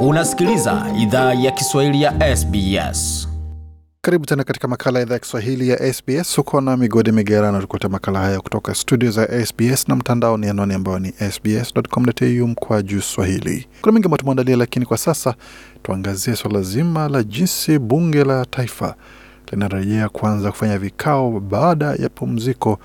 Unasikiliza idhaa ya Kiswahili ya SBS. Karibu tena katika makala ya idhaa ya Kiswahili ya SBS. Uko na Migodi Migera anatukota makala haya kutoka studio za SBS na mtandao ni anwani ambayo ni sbs.com.au mkwa juu Swahili. Kuna mengi ambayo tumeandalia, lakini kwa sasa tuangazie swala zima la jinsi bunge la taifa linarejea kuanza kufanya vikao baada ya pumziko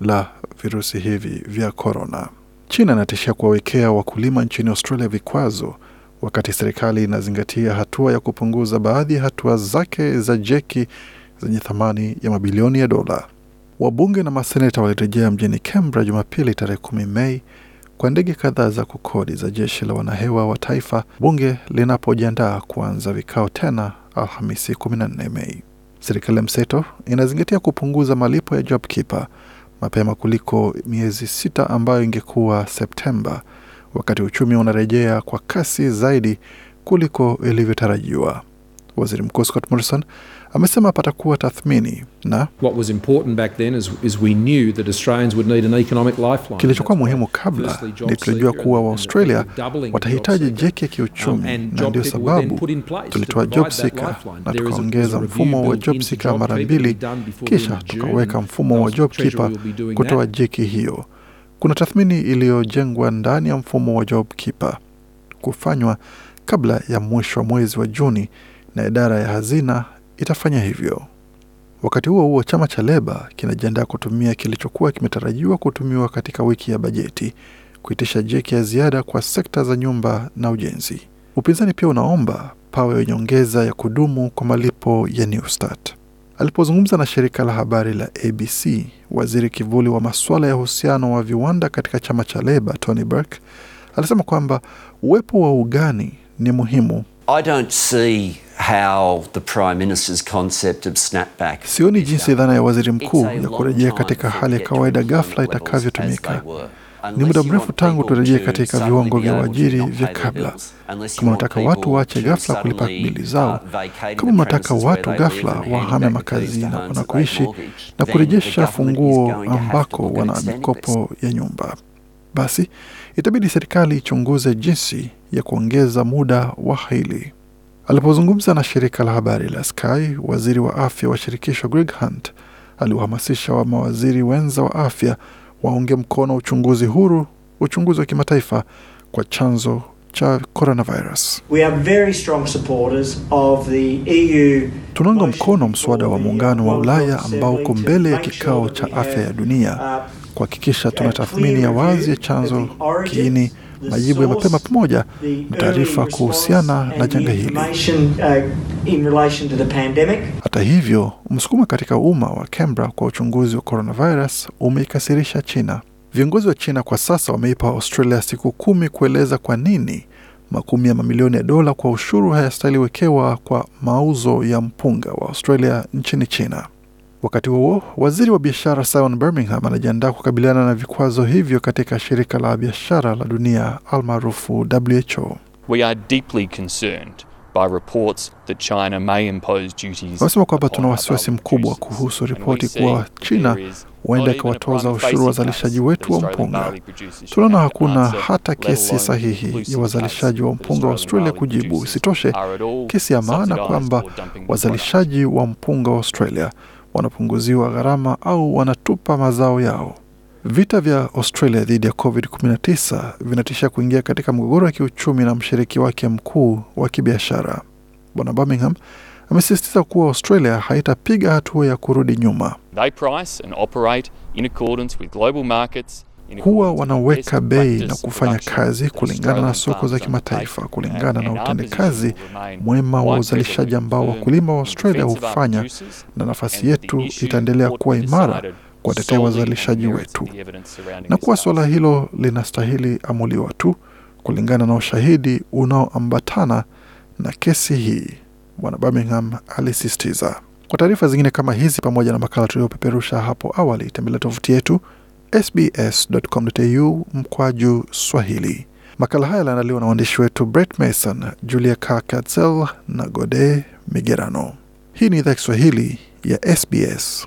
la virusi hivi vya korona. China inatishia kuwawekea wakulima nchini Australia vikwazo wakati serikali inazingatia hatua ya kupunguza baadhi ya hatua zake za jeki zenye thamani ya mabilioni ya dola. Wabunge na maseneta walirejea mjini Canberra Jumapili tarehe kumi Mei kwa ndege kadhaa za kukodi za jeshi la wanahewa wa taifa, bunge linapojiandaa kuanza vikao tena Alhamisi 14 Mei. Serikali ya mseto inazingatia kupunguza malipo ya JobKeeper mapema kuliko miezi sita ambayo ingekuwa Septemba wakati uchumi unarejea kwa kasi zaidi kuliko ilivyotarajiwa. Waziri Mkuu Scott Morrison amesema patakuwa tathmini na kilichokuwa muhimu kabla ni tulijua kuwa Waaustralia watahitaji jeki ya kiuchumi, um, na ndio sababu tulitoa job na tukaongeza mfumo wa job mara mbili, kisha tukaweka mfumo wa job kutoa jeki hiyo. Kuna tathmini iliyojengwa ndani ya mfumo wa job JobKeeper kufanywa kabla ya mwisho wa mwezi wa Juni na idara ya hazina itafanya hivyo. Wakati huo huo, chama cha Leba kinajiandaa kutumia kilichokuwa kimetarajiwa kutumiwa katika wiki ya bajeti kuitisha jeki ya ziada kwa sekta za nyumba na ujenzi. Upinzani pia unaomba pawe nyongeza ya kudumu kwa malipo ya New Alipozungumza na shirika la habari la ABC, waziri kivuli wa masuala ya uhusiano wa viwanda katika chama cha Leba, Tony Burke, alisema kwamba uwepo wa ugani ni muhimu. I don't see how the Prime Minister's concept of snapback. Sioni jinsi dhana ya waziri mkuu ya kurejea katika hali ya kawaida ghafla itakavyotumika. Ni muda mrefu tangu turejee katika viwango vya uajiri vya kabla. Kama unataka watu waache ghafla kulipa bili zao, kama unataka watu ghafla wahame makazi na wanakoishi na kurejesha funguo ambako wana mikopo ya nyumba, basi itabidi serikali ichunguze jinsi ya kuongeza muda wa hili. Alipozungumza na shirika la habari la Sky, waziri wa afya wa shirikisho Greg Hunt aliwahamasisha wa mawaziri wenza wa afya waunge mkono uchunguzi huru, uchunguzi wa kimataifa kwa chanzo cha coronavirus. E Tunaunga mkono mswada wa muungano wa Ulaya ambao uko mbele ya kikao cha afya ya dunia uh, kuhakikisha tuna tathmini ya wazi ya chanzo, kiini, majibu ya mapema pamoja na taarifa kuhusiana na janga hili in relation to the pandemic. Hata hivyo, msukuma katika umma wa Canberra kwa uchunguzi wa coronavirus umeikasirisha China. Viongozi wa China kwa sasa wameipa Australia siku kumi kueleza kwa nini makumi ya mamilioni ya dola kwa ushuru hayastahili wekewa kwa mauzo ya mpunga wa Australia nchini China. Wakati huo waziri wa biashara Simon Birmingham anajiandaa kukabiliana na vikwazo hivyo katika shirika la biashara la dunia almaarufu WHO. We are deeply concerned Wamesema kwamba tuna wasiwasi mkubwa kuhusu ripoti kuwa China huenda ikawatoza ushuru wazalishaji wetu wa mpunga. Tunaona hakuna hata kesi sahihi ya wazalishaji wa mpunga wa Australia kujibu. Isitoshe, kesi ya maana kwamba wazalishaji wa mpunga wa Australia wanapunguziwa gharama au wanatupa mazao yao. Vita vya Australia dhidi ya COVID-19 vinatishia kuingia katika mgogoro wa kiuchumi na mshiriki wake mkuu wa kibiashara. Bwana Birmingham amesisitiza kuwa Australia haitapiga hatua ya kurudi nyuma. They price and operate in accordance with global markets huwa wanaweka bei na kufanya kazi kulingana na soko za kimataifa, kulingana na utendekazi mwema wa uzalishaji ambao wakulima wa Australia hufanya, na nafasi yetu itaendelea kuwa imara kuwatetea wazalishaji wetu, na kuwa suala hilo linastahili amuliwa tu kulingana na ushahidi unaoambatana na kesi hii, Bwana Birmingham alisisitiza. Kwa taarifa zingine kama hizi pamoja na makala tuliyopeperusha hapo awali, tembelea tovuti yetu sbs.com.au mkwaju Swahili. Makala haya yaliandaliwa na waandishi wetu Brett Mason, Julia Carcatzel na Gode Migerano. Hii ni idhaa Kiswahili ya SBS.